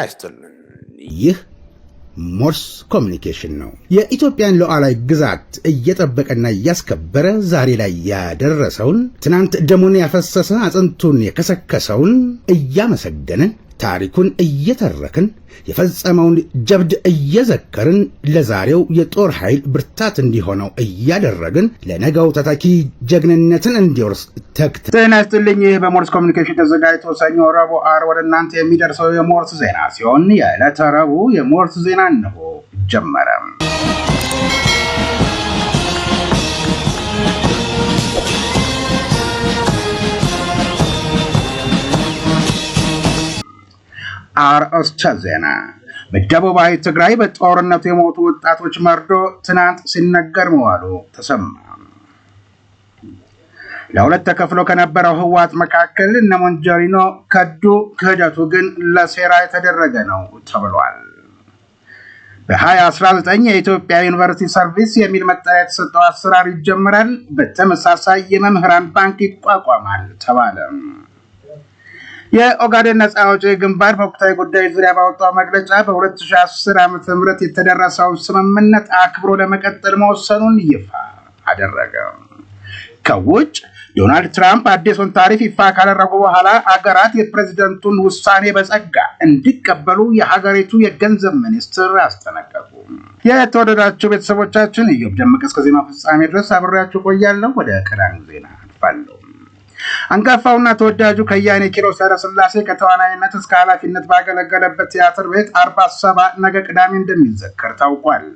ጤና ይስጥልን። ይህ ሞርስ ኮሚኒኬሽን ነው። የኢትዮጵያን ሉዓላዊ ግዛት እየጠበቀና እያስከበረ ዛሬ ላይ ያደረሰውን ትናንት ደሙን ያፈሰሰ አጥንቱን የከሰከሰውን እያመሰገንን ታሪኩን እየተረክን የፈጸመውን ጀብድ እየዘከርን ለዛሬው የጦር ኃይል ብርታት እንዲሆነው እያደረግን ለነገው ተተኪ ጀግንነትን እንዲወርስ ተግት ጤና ይስጥልኝ። በሞርስ ኮሚኒኬሽን ተዘጋጅቶ ሰኞ፣ ረቡዕ፣ ዓርብ ወደ እናንተ የሚደርሰው የሞርስ ዜና ሲሆን የዕለተ ረቡዕ የሞርስ ዜና እንሆ ጀመረም። አርእስተ ዜና በደቡባዊ ትግራይ በጦርነቱ የሞቱ ወጣቶች መርዶ ትናንት ሲነገር መዋሉ ተሰማ። ለሁለት ተከፍሎ ከነበረው ህወሓት መካከል እነ ከዱ፣ ክህደቱ ግን ለሴራ የተደረገ ነው ተብሏል። በ2019 የኢትዮጵያ ዩኒቨርሲቲ ሰርቪስ የሚል መጠሪያ የተሰጠው አሰራር ይጀምራል። በተመሳሳይ የመምህራን ባንክ ይቋቋማል ተባለም። የኦጋዴን ነጻ አውጪ ግንባር በወቅታዊ ጉዳዮች ዙሪያ ባወጣው መግለጫ በ2010 ዓ ም የተደረሰውን ስምምነት አክብሮ ለመቀጠል መወሰኑን ይፋ አደረገ። ከውጭ ዶናልድ ትራምፕ አዲሱን ታሪፍ ይፋ ካደረጉ በኋላ አገራት የፕሬዚደንቱን ውሳኔ በጸጋ እንዲቀበሉ የሀገሪቱ የገንዘብ ሚኒስትር አስጠነቀቁ። የተወደዳችሁ ቤተሰቦቻችን እዮብ ደመቀ እስከ ዜና ፍጻሜ ድረስ አብሬያችሁ ቆያለሁ። ወደ ቀዳሚ ዜና አልፋለሁ። አንጋፋውና ተወዳጁ ከያኔ ኪሮ ሰረ ስላሴ ከተዋናይነት እስከ ኃላፊነት ባገለገለበት ቲያትር ቤት አርባ ሰባ ነገ ቅዳሜ እንደሚዘከር ታውቋል።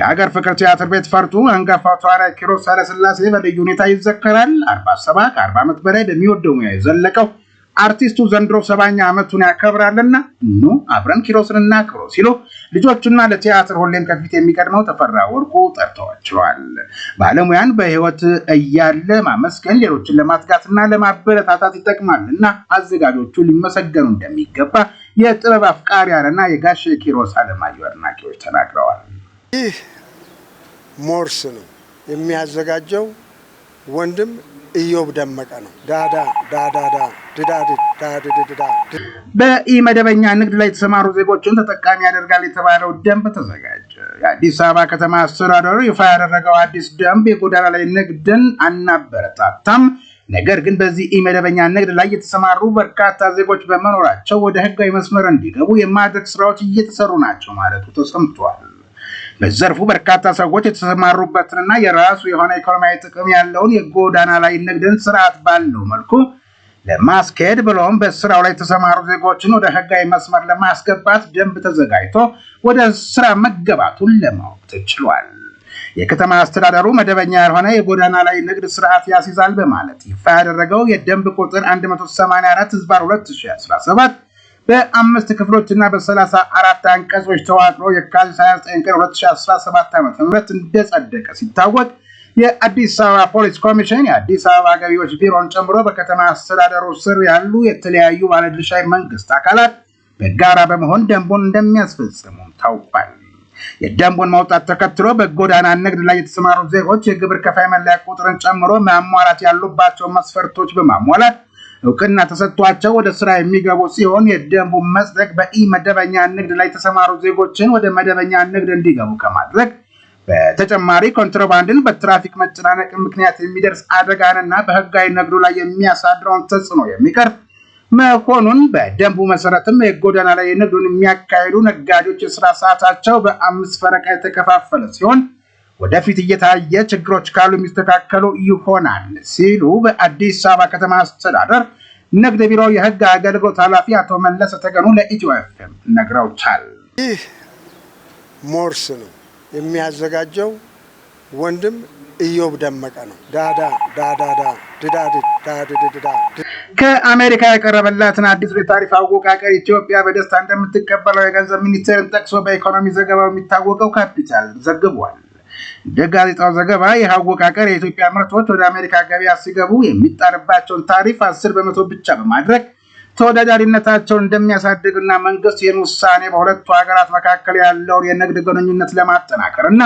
የሀገር ፍቅር ቲያትር ቤት ፈርጡ አንጋፋው ተዋናይ ኪሮ ሰረ ስላሴ በልዩ ሁኔታ ይዘከራል። አርባ ሰባ ከአርባ ዓመት በላይ በሚወደው ሙያ የዘለቀው አርቲስቱ ዘንድሮ ሰባኛ ዓመቱን ያከብራልና ኑ አብረን ኪሮስን እናክብሮ ሲሉ ልጆቹና ለቲያትር ሁሌም ከፊት የሚቀድመው ተፈራ ወርቁ ጠርተዋቸዋል። ባለሙያን በህይወት እያለ ማመስገን ሌሎችን ለማትጋትና ለማበረታታት ይጠቅማል እና አዘጋጆቹ ሊመሰገኑ እንደሚገባ የጥበብ አፍቃሪያንና የጋሽ ኪሮስ አለማየሁ አድናቂዎች ተናግረዋል። ይህ ሞርስ ነው የሚያዘጋጀው ወንድም ኢዮብ ደመቀ ነው። ዳዳ ዳዳዳ ድዳድዳ በኢመደበኛ ንግድ ላይ የተሰማሩ ዜጎችን ተጠቃሚ ያደርጋል የተባለው ደንብ ተዘጋጀ። የአዲስ አበባ ከተማ አስተዳደሩ ይፋ ያደረገው አዲስ ደንብ የጎዳና ላይ ንግድን አናበረታታም። ነገር ግን በዚህ ኢመደበኛ ንግድ ላይ የተሰማሩ በርካታ ዜጎች በመኖራቸው ወደ ህጋዊ መስመር እንዲገቡ የማድረግ ስራዎች እየተሰሩ ናቸው ማለቱ ተሰምቷል። በዘርፉ በርካታ ሰዎች የተሰማሩበትንና የራሱ የሆነ ኢኮኖሚያዊ ጥቅም ያለውን የጎዳና ላይ ንግድን ስርዓት ባለው መልኩ ለማስካሄድ ብለውም በስራው ላይ የተሰማሩ ዜጎችን ወደ ህጋዊ መስመር ለማስገባት ደንብ ተዘጋጅቶ ወደ ስራ መገባቱን ለማወቅ ተችሏል። የከተማ አስተዳደሩ መደበኛ ያልሆነ የጎዳና ላይ ንግድ ስርዓት ያስይዛል በማለት ይፋ ያደረገው የደንብ ቁጥር 184 ህዝባር 2017 በአምስት ክፍሎች እና በሰላሳ አራት አንቀጾች ተዋቅሮ የካቲት 29 ቀን 2017 ዓ ም እንደጸደቀ ሲታወቅ የአዲስ አበባ ፖሊስ ኮሚሽን የአዲስ አበባ ገቢዎች ቢሮን ጨምሮ በከተማ አስተዳደሩ ስር ያሉ የተለያዩ ባለድርሻ መንግስት አካላት በጋራ በመሆን ደንቡን እንደሚያስፈጽሙ ታውቋል። የደንቡን መውጣት ተከትሎ በጎዳና ንግድ ላይ የተሰማሩ ዜጎች የግብር ከፋይ መለያ ቁጥርን ጨምሮ ማሟላት ያሉባቸው መስፈርቶች በማሟላት እውቅና ተሰጥቷቸው ወደ ስራ የሚገቡ ሲሆን የደንቡ መጽደቅ በኢ መደበኛ ንግድ ላይ የተሰማሩ ዜጎችን ወደ መደበኛ ንግድ እንዲገቡ ከማድረግ በተጨማሪ ኮንትሮባንድን፣ በትራፊክ መጨናነቅ ምክንያት የሚደርስ አደጋንና በህጋዊ ንግዱ ላይ የሚያሳድረውን ተጽዕኖ የሚቀርፍ መሆኑን በደንቡ መሰረትም የጎዳና ላይ ንግዱን የሚያካሂዱ ነጋዴዎች የስራ ሰዓታቸው በአምስት ፈረቃ የተከፋፈለ ሲሆን ወደፊት እየታየ ችግሮች ካሉ የሚስተካከሉ ይሆናል ሲሉ በአዲስ አበባ ከተማ አስተዳደር ንግድ ቢሮ የህግ አገልግሎት ኃላፊ አቶ መለሰ ተገኑ ለኢትዮ ኤፍኤም ነግረውቻል። ይህ ሞርስ ነው የሚያዘጋጀው ወንድም ኢዮብ ደመቀ ነው። ዳዳ ዳዳዳ ድዳድ ከአሜሪካ የቀረበላትን አዲስ የታሪፍ አወቃቀር ኢትዮጵያ በደስታ እንደምትቀበለው የገንዘብ ሚኒስቴርን ጠቅሶ በኢኮኖሚ ዘገባው የሚታወቀው ካፒታል ዘግቧል። የጋዜጣው ዘገባ ይህ አወቃቀር የኢትዮጵያ ምርቶች ወደ አሜሪካ ገበያ ሲገቡ የሚጣልባቸውን ታሪፍ አስር በመቶ ብቻ በማድረግ ተወዳዳሪነታቸውን እንደሚያሳድግና መንግስት ይህን ውሳኔ በሁለቱ ሀገራት መካከል ያለውን የንግድ ግንኙነት ለማጠናከር እና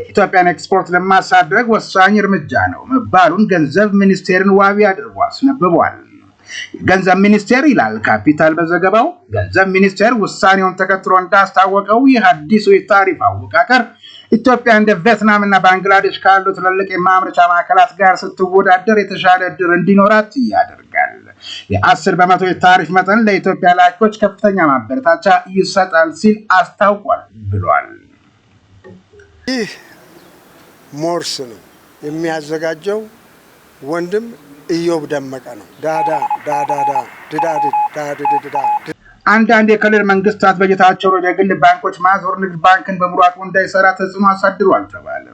የኢትዮጵያን ኤክስፖርት ለማሳደግ ወሳኝ እርምጃ ነው መባሉን ገንዘብ ሚኒስቴርን ዋቢ አድርጎ አስነብቧል። ገንዘብ ሚኒስቴር ይላል ካፒታል በዘገባው። ገንዘብ ሚኒስቴር ውሳኔውን ተከትሎ እንዳስታወቀው ይህ አዲሱ የታሪፍ አወቃቀር ኢትዮጵያ እንደ ቬትናም እና ባንግላዴሽ ካሉ ትልልቅ የማምረቻ ማዕከላት ጋር ስትወዳደር የተሻለ ድር እንዲኖራት ያደርጋል። የአስር በመቶ የታሪፍ መጠን ለኢትዮጵያ ላኪዎች ከፍተኛ ማበረታቻ ይሰጣል ሲል አስታውቋል ብሏል። ይህ ሞርስ ነው የሚያዘጋጀው ወንድም ኢዮብ ደመቀ ነው። ዳዳ ዳዳዳ ድዳድ አንዳንድ የክልል መንግስታት በጀታቸውን ወደ ግል ባንኮች ማዞር ንግድ ባንክን በምሯጡ እንዳይሰራ ተጽዕኖ አሳድሯል ተባለ።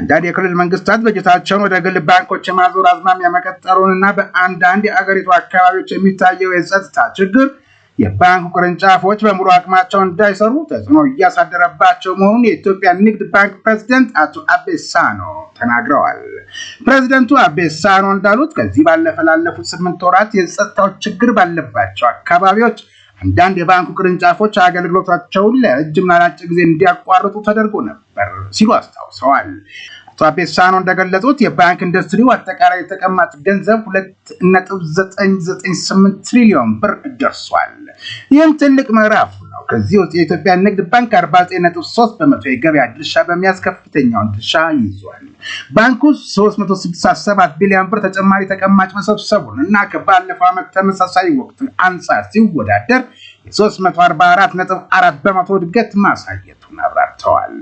አንዳንድ የክልል መንግስታት በጀታቸውን ወደ ግል ባንኮች የማዞር አዝማሚያ መቀጠሩንና በአንዳንድ የአገሪቱ አካባቢዎች የሚታየው የጸጥታ ችግር የባንኩ ቅርንጫፎች በሙሉ አቅማቸው እንዳይሰሩ ተጽዕኖ እያሳደረባቸው መሆኑን የኢትዮጵያ ንግድ ባንክ ፕሬዝደንት አቶ አቤሳኖ ተናግረዋል። ፕሬዝደንቱ አቤሳኖ እንዳሉት ከዚህ ባለፈ ላለፉት ስምንት ወራት የጸጥታው ችግር ባለባቸው አካባቢዎች አንዳንድ የባንኩ ቅርንጫፎች አገልግሎታቸውን ለረጅምና ለአጭር ጊዜ እንዲያቋርጡ ተደርጎ ነበር ሲሉ አስታውሰዋል። አቶ አቤሳኖ እንደገለጹት የባንክ ኢንዱስትሪው አጠቃላይ የተቀማጭ ገንዘብ 2998 ትሪሊዮን ብር ደርሷል። ይህም ትልቅ ምዕራፍ ነው። ከዚህ ውስጥ የኢትዮጵያ ንግድ ባንክ 493 በመቶ የገበያ ድርሻ በመያዝ ከፍተኛውን ድርሻ ይዟል። ባንኩ 367 ቢሊዮን ብር ተጨማሪ ተቀማጭ መሰብሰቡን እና ከባለፈው ዓመት ተመሳሳይ ወቅት አንጻር ሲወዳደር 344.4 በመቶ እድገት ማሳየቱን አብራርተዋል።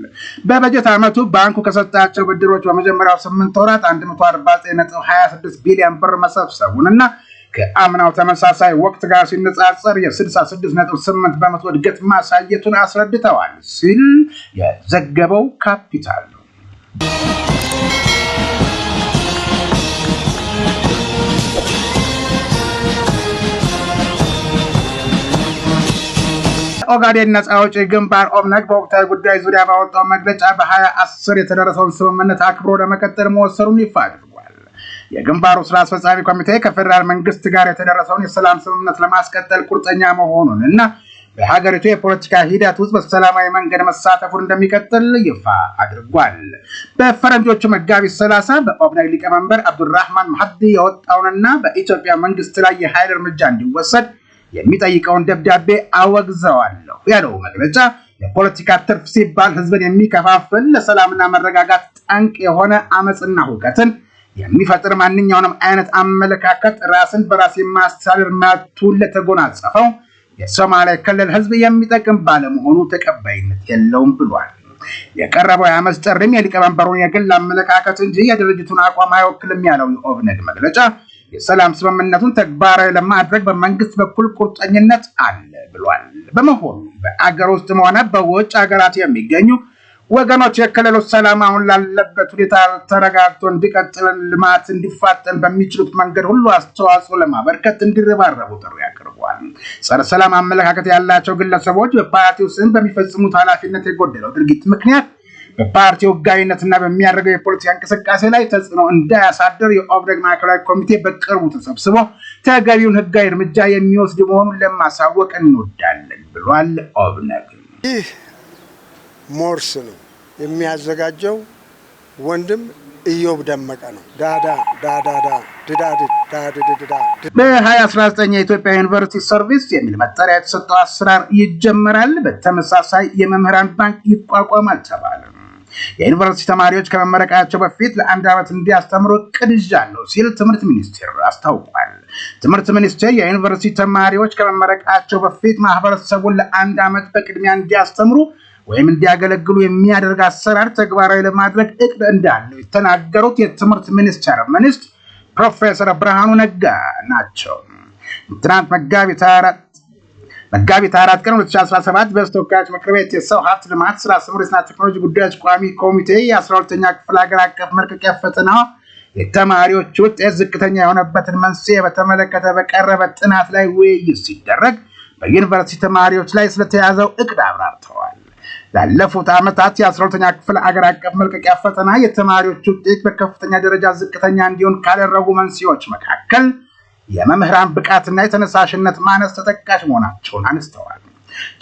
በበጀት ዓመቱ ባንኩ ከሰጣቸው ብድሮች በመጀመሪያው 8 ወራት 149.26 ቢሊዮን ብር መሰብሰቡን እና ከአምናው ተመሳሳይ ወቅት ጋር ሲነጻጸር የ66.8 በመቶ እድገት ማሳየቱን አስረድተዋል ሲል የዘገበው ካፒታል ነው። የኦጋዴን ነጻ አውጪ ግንባር ኦብነግ በወቅታዊ ጉዳይ ዙሪያ ባወጣው መግለጫ በሀያ አስር የተደረሰውን ስምምነት አክብሮ ለመቀጠል መወሰኑን ይፋ አድርጓል። የግንባሩ ስራ አስፈጻሚ ኮሚቴ ከፌዴራል መንግስት ጋር የተደረሰውን የሰላም ስምምነት ለማስቀጠል ቁርጠኛ መሆኑን እና በሀገሪቱ የፖለቲካ ሂደት ውስጥ በሰላማዊ መንገድ መሳተፉን እንደሚቀጥል ይፋ አድርጓል። በፈረንጆቹ መጋቢት ሰላሳ በኦብነግ ሊቀመንበር አብዱራህማን ማህዲ የወጣውንና በኢትዮጵያ መንግስት ላይ የኃይል እርምጃ እንዲወሰድ የሚጠይቀውን ደብዳቤ አወግዘዋለሁ ያለው መግለጫ የፖለቲካ ትርፍ ሲባል ህዝብን የሚከፋፍል ለሰላምና መረጋጋት ጠንቅ የሆነ አመፅና ሁከትን የሚፈጥር ማንኛውንም አይነት አመለካከት ራስን በራስ የማስተዳደር መብቱን ለተጎናጸፈው የሶማሌ ክልል ህዝብ የሚጠቅም ባለመሆኑ ተቀባይነት የለውም ብሏል። የቀረበው የአመፅ ጥሪም የሊቀመንበሩን የግል አመለካከት እንጂ የድርጅቱን አቋም አይወክልም ያለው የኦብነግ መግለጫ የሰላም ስምምነቱን ተግባራዊ ለማድረግ በመንግስት በኩል ቁርጠኝነት አለ ብሏል። በመሆኑ በአገር ውስጥም ሆነ በውጭ ሀገራት የሚገኙ ወገኖች የክልሉ ሰላም አሁን ላለበት ሁኔታ ተረጋግቶ እንዲቀጥል፣ ልማት እንዲፋጠን በሚችሉት መንገድ ሁሉ አስተዋጽኦ ለማበርከት እንዲረባረቡ ጥሪ አቅርቧል። ጸረ ሰላም አመለካከት ያላቸው ግለሰቦች በፓርቲው ስም በሚፈጽሙት ኃላፊነት የጎደለው ድርጊት ምክንያት በፓርቲው ሕጋዊነትና በሚያደርገው የፖለቲካ እንቅስቃሴ ላይ ተጽዕኖ እንዳያሳድር የኦብነግ ማዕከላዊ ኮሚቴ በቅርቡ ተሰብስቦ ተገቢውን ህጋዊ እርምጃ የሚወስድ መሆኑን ለማሳወቅ እንወዳለን ብሏል። ኦብነግ ይህ ሞርስ ነው የሚያዘጋጀው። ወንድም እዮብ ደመቀ ነው። ዳዳ ዳዳዳ በ2019 የኢትዮጵያ ዩኒቨርሲቲ ሰርቪስ የሚል መጠሪያ የተሰጠው አሰራር ይጀመራል። በተመሳሳይ የመምህራን ባንክ ይቋቋማል ተባለ። የዩኒቨርሲቲ ተማሪዎች ከመመረቃቸው በፊት ለአንድ ዓመት እንዲያስተምሩ እቅድ ይዣለሁ ሲል ትምህርት ሚኒስቴር አስታውቋል። ትምህርት ሚኒስቴር የዩኒቨርሲቲ ተማሪዎች ከመመረቃቸው በፊት ማህበረሰቡን ለአንድ ዓመት በቅድሚያ እንዲያስተምሩ ወይም እንዲያገለግሉ የሚያደርግ አሰራር ተግባራዊ ለማድረግ እቅድ እንዳለው የተናገሩት የትምህርት ሚኒስቴር ሚኒስትር ፕሮፌሰር ብርሃኑ ነጋ ናቸው። ትናንት መጋቢት 24 መጋቢት አራት ቀን 2017 በተወካዮች ምክር ቤት የሰው ሀብት ልማት ስራ ስምሪትና ቴክኖሎጂ ጉዳዮች ቋሚ ኮሚቴ የ12ኛ ክፍል ሀገር አቀፍ መልቀቂያ ፈተና የተማሪዎች ውጤት ዝቅተኛ የሆነበትን መንስኤ በተመለከተ በቀረበ ጥናት ላይ ውይይት ሲደረግ በዩኒቨርሲቲ ተማሪዎች ላይ ስለተያዘው እቅድ አብራርተዋል። ላለፉት ዓመታት የ12ኛ ክፍል አገር አቀፍ መልቀቂያ ፈተና የተማሪዎች ውጤት በከፍተኛ ደረጃ ዝቅተኛ እንዲሆን ካደረጉ መንስኤዎች መካከል የመምህራን ብቃትና የተነሳሽነት ማነስ ተጠቃሽ መሆናቸውን አነስተዋል።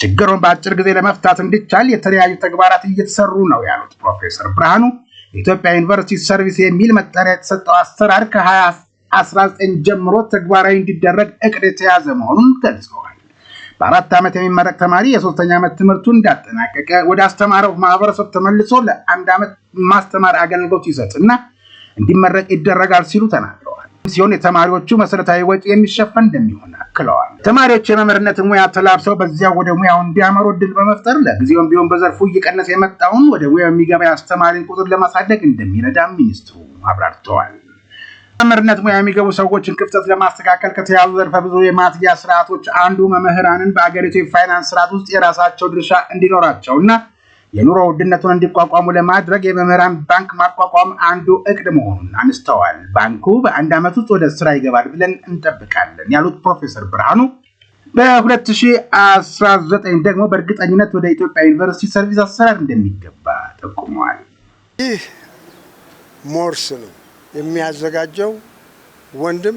ችግሩን በአጭር ጊዜ ለመፍታት እንዲቻል የተለያዩ ተግባራት እየተሰሩ ነው ያሉት ፕሮፌሰር ብርሃኑ የኢትዮጵያ ዩኒቨርሲቲ ሰርቪስ የሚል መጠሪያ የተሰጠው አሰራር ከ2019 ጀምሮ ተግባራዊ እንዲደረግ እቅድ የተያዘ መሆኑን ገልጸዋል። በአራት ዓመት የሚመረቅ ተማሪ የሶስተኛ ዓመት ትምህርቱን እንዳጠናቀቀ ወደ አስተማረው ማህበረሰብ ተመልሶ ለአንድ ዓመት ማስተማር አገልግሎት ይሰጥ እና እንዲመረቅ ይደረጋል ሲሉ ተናል ሲሆን የተማሪዎቹ መሰረታዊ ወጪ የሚሸፈን እንደሚሆን አክለዋል። ተማሪዎች የመምህርነት ሙያ ተላብሰው በዚያ ወደ ሙያው እንዲያመሩ እድል በመፍጠር ለጊዜውም ቢሆን በዘርፉ እየቀነሰ የመጣውን ወደ ሙያው የሚገባ የአስተማሪን ቁጥር ለማሳደግ እንደሚረዳ ሚኒስትሩ አብራርተዋል። መምህርነት ሙያ የሚገቡ ሰዎችን ክፍተት ለማስተካከል ከተያዙ ዘርፈ ብዙ የማትያ ስርዓቶች አንዱ መምህራንን በአገሪቱ የፋይናንስ ስርዓት ውስጥ የራሳቸው ድርሻ እንዲኖራቸው እና የኑሮ ውድነቱን እንዲቋቋሙ ለማድረግ የመምህራን ባንክ ማቋቋም አንዱ እቅድ መሆኑን አንስተዋል። ባንኩ በአንድ ዓመት ውስጥ ወደ ስራ ይገባል ብለን እንጠብቃለን ያሉት ፕሮፌሰር ብርሃኑ በ2019 ደግሞ በእርግጠኝነት ወደ ኢትዮጵያ ዩኒቨርሲቲ ሰርቪስ አሰራር እንደሚገባ ጠቁመዋል። ይህ ሞርስ ነው የሚያዘጋጀው ወንድም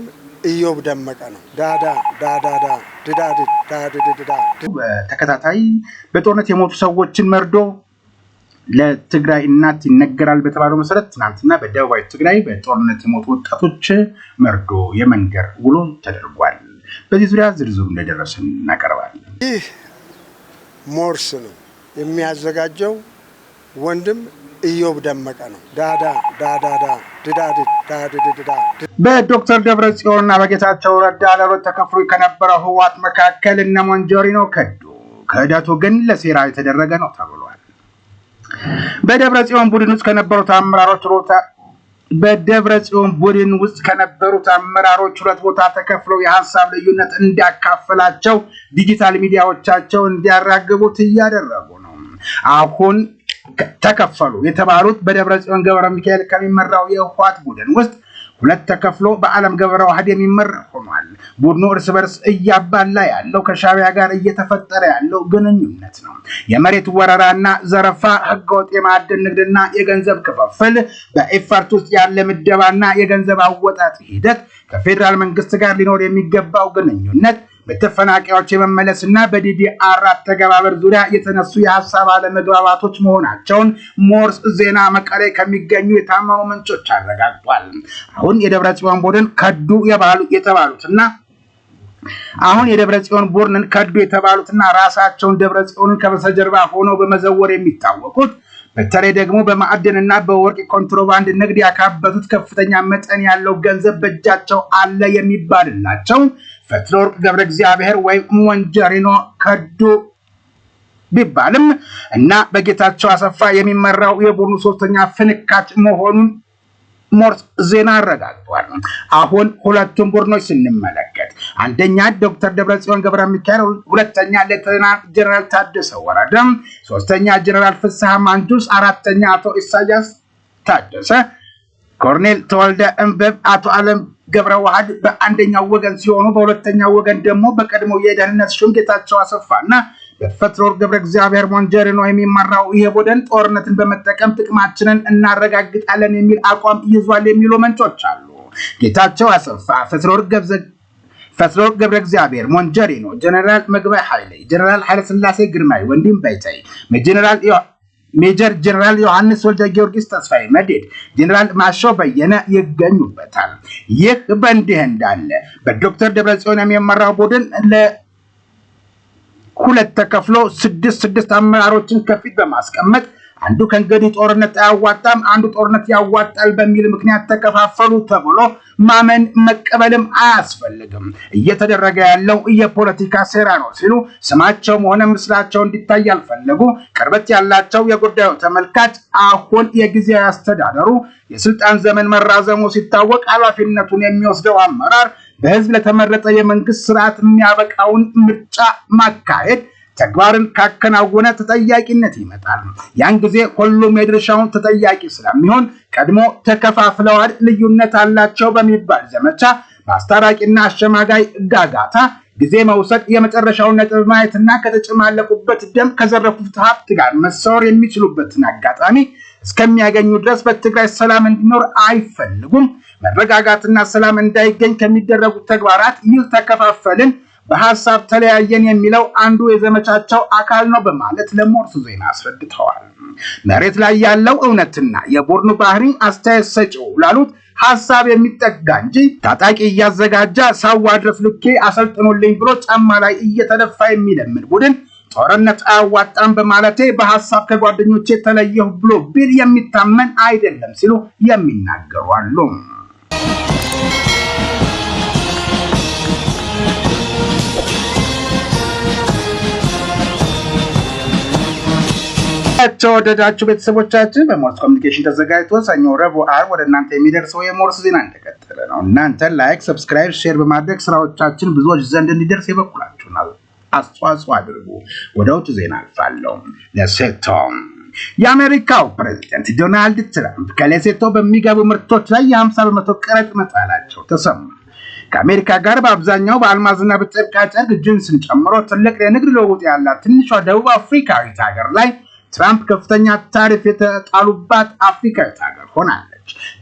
እዮብ ደመቀ ነው። ዳዳ ዳዳዳ ድዳድ ዳድድዳ ተከታታይ በጦርነት የሞቱ ሰዎችን መርዶ ለትግራይ እናት ይነገራል በተባለው መሰረት ትናንትና በደቡባዊ ትግራይ በጦርነት የሞቱ ወጣቶች መርዶ የመንገር ውሎ ተደርጓል። በዚህ ዙሪያ ዝርዝሩ እንደደረስን እናቀርባለን። ይህ ሞርስ ነው የሚያዘጋጀው። ወንድም እዮብ ደመቀ ነው። ዳዳ ዳዳዳ በዶክተር ደብረ ጽዮንና በጌታቸው ረዳ ለሮት ተከፍሎ ከነበረው ህወሓት መካከል እነ ሞንጆሪኖ ከዱ። ክህደቱ ግን ለሴራ የተደረገ ነው ተብሏል። በደብረ ጽዮን ቡድን ውስጥ ከነበሩት አመራሮች በደብረ ጽዮን ቡድን ውስጥ ከነበሩት አመራሮች ሁለት ቦታ ተከፍለው የሀሳብ ልዩነት እንዲያካፍላቸው ዲጂታል ሚዲያዎቻቸው እንዲያራግቡት እያደረጉ ነው። አሁን ተከፈሉ የተባሉት በደብረ ጽዮን ገብረ ሚካኤል ከሚመራው የህወሓት ቡድን ውስጥ ሁለት ተከፍሎ በዓለም ገበረ ዋህድ የሚመራ ሆኗል። ቡድኑ እርስ በርስ እያባላ ያለው ከሻቢያ ጋር እየተፈጠረ ያለው ግንኙነት ነው። የመሬት ወረራና ዘረፋ፣ ህገወጥ የማዕድን ንግድና የገንዘብ ክፍፍል፣ በኤፈርት ውስጥ ያለ ምደባና የገንዘብ አወጣጥ ሂደት፣ ከፌዴራል መንግስት ጋር ሊኖር የሚገባው ግንኙነት በተፈናቃዮች የመመለስና በዲዲአር አተገባበር ዙሪያ የተነሱ የሀሳብ አለመግባባቶች መሆናቸውን ሞርስ ዜና መቀሌ ከሚገኙ የታመኑ ምንጮች አረጋግጧል። አሁን የደብረ ጽዮን ቡድን ከዱ የተባሉትና አሁን የደብረ ጽዮን ቡድንን ከዱ የተባሉትና ራሳቸውን ደብረ ጽዮንን ከበስተጀርባ ሆነው በመዘወር የሚታወቁት በተለይ ደግሞ በማዕድንና በወርቅ ኮንትሮባንድ ንግድ ያካበቱት ከፍተኛ መጠን ያለው ገንዘብ በእጃቸው አለ የሚባልላቸው ፈትለወርቅ ገብረ እግዚአብሔር ወይም ወንጀሪኖ ከዱ ቢባልም እና በጌታቸው አሰፋ የሚመራው የቡድኑ ሶስተኛ ፍንካች መሆኑን ሞርስ ዜና አረጋግጧል። አሁን ሁለቱም ቡድኖች ስንመለከት አንደኛ ዶክተር ደብረጽዮን ገብረ ሚካኤል፣ ሁለተኛ ሌተናል ጀነራል ታደሰ ወረደ፣ ሶስተኛ ጀነራል ፍስሐ ማንጁስ፣ አራተኛ አቶ ኢሳያስ ታደሰ፣ ኮርኔል ተወልደ እንበብ፣ አቶ አለም ገብረ ዋህድ በአንደኛው ወገን ሲሆኑ በሁለተኛው ወገን ደግሞ በቀድሞ የደህንነት ሹም ጌታቸው አሰፋ እና በፈትሮር ገብረ እግዚአብሔር ሞንጀሪ ነው የሚመራው ይሄ ቡድን ጦርነትን በመጠቀም ጥቅማችንን እናረጋግጣለን የሚል አቋም ይዟል የሚሉ ምንጮች አሉ። ጌታቸው አሰፋ፣ ፈትሮር ገብረ እግዚአብሔር ሞንጀሪኖ፣ ጀነራል መግባይ ኃይሌ፣ ጀነራል ኃይለስላሴ ግርማይ፣ ወንዲም ባይታይ ጀነራል ሜጀር ጀኔራል ዮሐንስ ወልደ ጊዮርጊስ ተስፋዬ መዴድ፣ ጀኔራል ማሾ በየነ ይገኙበታል። ይህ በእንዲህ እንዳለ በዶክተር ደብረጽዮን የሚመራው ቡድን ለሁለት ተከፍሎ ስድስት ስድስት አመራሮችን ከፊት በማስቀመጥ አንዱ ከእንግዲህ ጦርነት አያዋጣም፣ አንዱ ጦርነት ያዋጣል በሚል ምክንያት ተከፋፈሉ ተብሎ ማመን መቀበልም አያስፈልግም። እየተደረገ ያለው የፖለቲካ ሴራ ነው ሲሉ ስማቸውም ሆነ ምስላቸው እንዲታይ ያልፈለጉ ቅርበት ያላቸው የጉዳዩ ተመልካች አሁን የጊዜያዊ አስተዳደሩ የስልጣን ዘመን መራዘሙ ሲታወቅ ኃላፊነቱን የሚወስደው አመራር በህዝብ ለተመረጠ የመንግስት ስርዓት የሚያበቃውን ምርጫ ማካሄድ ተግባርን ካከናወነ ተጠያቂነት ይመጣል። ያን ጊዜ ሁሉም የድርሻውን ተጠያቂ ስለሚሆን ቀድሞ ተከፋፍለዋል፣ ልዩነት አላቸው በሚባል ዘመቻ በአስታራቂና አሸማጋይ ጋጋታ ጊዜ መውሰድ የመጨረሻውን ነጥብ ማየትና ከተጨማለቁበት ደም ከዘረፉት ሀብት ጋር መሰወር የሚችሉበትን አጋጣሚ እስከሚያገኙ ድረስ በትግራይ ሰላም እንዲኖር አይፈልጉም። መረጋጋትና ሰላም እንዳይገኝ ከሚደረጉት ተግባራት ይህ ተከፋፈልን በሀሳብ ተለያየን የሚለው አንዱ የዘመቻቸው አካል ነው በማለት ለሞርስ ዜና አስረድተዋል። መሬት ላይ ያለው እውነትና የቡድኑ ባህሪ አስተያየት ሰጪው ላሉት ሀሳብ የሚጠጋ እንጂ ታጣቂ እያዘጋጀ ሳዋ ድረስ ልኬ አሰልጥኑልኝ ብሎ ጫማ ላይ እየተደፋ የሚለምን ቡድን ጦርነት አያዋጣም በማለቴ በሀሳብ ከጓደኞቼ ተለየሁ ብሎ ቢል የሚታመን አይደለም ሲሉ የሚናገሩ አሉ። የተወደዳችሁ ቤተሰቦቻችን በሞርስ ኮሚኒኬሽን ተዘጋጅቶ ሰኞ፣ ረቡዕ፣ ዓርብ ወደ እናንተ የሚደርሰው የሞርስ ዜና እንደቀጠለ ነው። እናንተ ላይክ፣ ሰብስክራይብ፣ ሼር በማድረግ ስራዎቻችን ብዙዎች ዘንድ እንዲደርስ የበኩላችሁን አስተዋጽኦ አድርጉ። ወደ ውጭ ዜና አልፋለሁ። ለሴቶ የአሜሪካው ፕሬዚደንት ዶናልድ ትራምፕ ከሌሴቶ በሚገቡ ምርቶች ላይ የ50 በመቶ ቀረጥ መጣላቸው ተሰማ። ከአሜሪካ ጋር በአብዛኛው በአልማዝና በጨርቃጨርቅ ጅንስን ጨምሮ ትልቅ የንግድ ልውውጥ ያላት ትንሿ ደቡብ አፍሪካዊት ሀገር ላይ ትራምፕ ከፍተኛ ታሪፍ የተጣሉባት አፍሪካዊት ሀገር ሆናለች።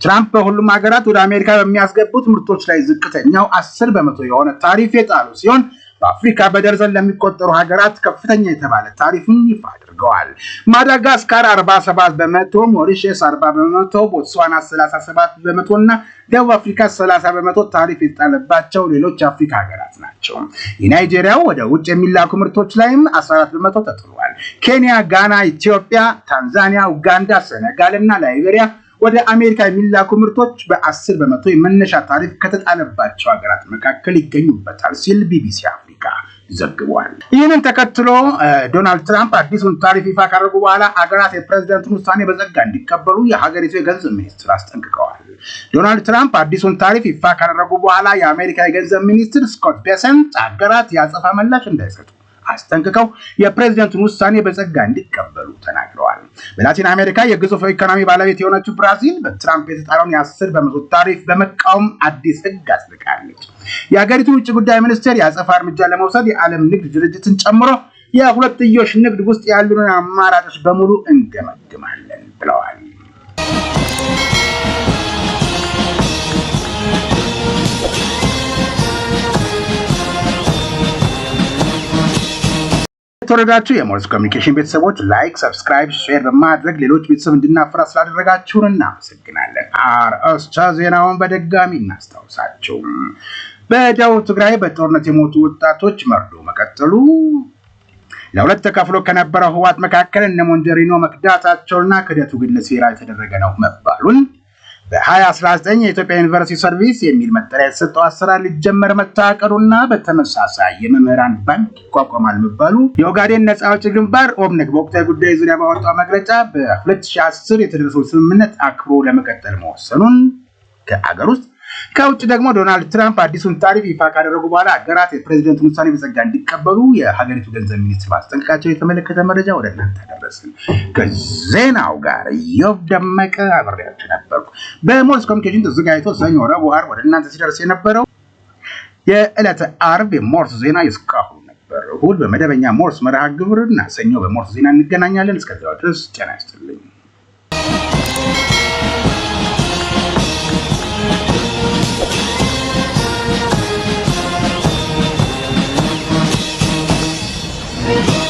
ትራምፕ በሁሉም ሀገራት ወደ አሜሪካ በሚያስገቡት ምርቶች ላይ ዝቅተኛው አስር በመቶ የሆነ ታሪፍ የጣሉ ሲሆን በአፍሪካ በደርዘን ለሚቆጠሩ ሀገራት ከፍተኛ የተባለ ታሪፍን ይፋ አድርገዋል። ማዳጋስካር 47 በመቶ፣ ሞሪሽስ 40 በመቶ፣ ቦትስዋና 37 በመቶ እና ደቡብ አፍሪካ 30 በመቶ ታሪፍ የተጣለባቸው ሌሎች አፍሪካ ሀገራት ናቸው። የናይጄሪያው ወደ ውጭ የሚላኩ ምርቶች ላይም 14 በመቶ ተጥሏል። ኬንያ፣ ጋና፣ ኢትዮጵያ፣ ታንዛኒያ፣ ኡጋንዳ፣ ሴኔጋል እና ላይቤሪያ ወደ አሜሪካ የሚላኩ ምርቶች በአስር በመቶ የመነሻ ታሪፍ ከተጣለባቸው ሀገራት መካከል ይገኙበታል ሲል ቢቢሲ አፍሪካ ዘግቧል። ይህንን ተከትሎ ዶናልድ ትራምፕ አዲሱን ታሪፍ ይፋ ካደረጉ በኋላ አገራት የፕሬዚደንቱን ውሳኔ በጸጋ እንዲቀበሉ የሀገሪቱ የገንዘብ ሚኒስትር አስጠንቅቀዋል። ዶናልድ ትራምፕ አዲሱን ታሪፍ ይፋ ካደረጉ በኋላ የአሜሪካ የገንዘብ ሚኒስትር ስኮት ቤሰንት ሀገራት የአጸፋ ምላሽ እንዳይሰጡ አስጠንቅቀው የፕሬዚደንቱን ውሳኔ በጸጋ እንዲቀበሉ ተናግረዋል። በላቲን አሜሪካ የግዙፍ ኢኮኖሚ ባለቤት የሆነችው ብራዚል በትራምፕ የተጣለውን የአስር በመቶ ታሪፍ በመቃወም አዲስ ህግ አጽድቃለች። የሀገሪቱ ውጭ ጉዳይ ሚኒስቴር የአጸፋ እርምጃ ለመውሰድ የዓለም ንግድ ድርጅትን ጨምሮ የሁለትዮሽ ንግድ ውስጥ ያሉንን አማራጮች በሙሉ እንገመግማለን ብለዋል። የተወደዳችሁ የሞርስ ኮሚኒኬሽን ቤተሰቦች ላይክ፣ ሰብስክራይብ፣ ሼር በማድረግ ሌሎች ቤተሰብ እንድናፈራ ስላደረጋችሁን እናመሰግናለን። አርእስተ ዜናውን በድጋሚ እናስታውሳችሁ። በደቡብ ትግራይ በጦርነት የሞቱ ወጣቶች መርዶ መቀጠሉ፣ ለሁለት ተከፍሎ ከነበረው ህወሓት መካከል እነ ሞንጀሪኖ መክዳታቸውና ክደቱ ግን ለሴራ የተደረገ ነው መባሉን በ2019 የኢትዮጵያ ዩኒቨርሲቲ ሰርቪስ የሚል መጠሪያ የተሰጠው አሰራር ሊጀመር መታቀዱና በተመሳሳይ የመምህራን ባንክ ይቋቋማል መባሉ የኦጋዴን ነፃ አውጪ ግንባር ኦብነግ በወቅታዊ ጉዳይ ዙሪያ ባወጣው መግለጫ በ2010 የተደረሰው ስምምነት አክብሮ ለመቀጠል መወሰኑን ከአገር ውስጥ ከውጭ ደግሞ ዶናልድ ትራምፕ አዲሱን ታሪፍ ይፋ ካደረጉ በኋላ ሀገራት የፕሬዚደንቱን ውሳኔ በጸጋ እንዲቀበሉ የሀገሪቱ ገንዘብ ሚኒስትር ማስጠንቀቃቸው የተመለከተ መረጃ ወደ እናንተ ደረስን። ከዜናው ጋር እዮብ ደመቀ አብሬያችሁ ነበርኩ። በሞርስ ኮሚኒኬሽን ተዘጋጅቶ ሰኞ፣ ረቡዕ፣ ዓርብ ወደ እናንተ ሲደርስ የነበረው የዕለተ ዓርብ የሞርስ ዜና እስካሁን ነበር። እሁድ በመደበኛ ሞርስ መርሃ ግብርና ሰኞ በሞርስ ዜና እንገናኛለን። እስከዚያው ድረስ ጤና ይስጥልኝ። Thank you.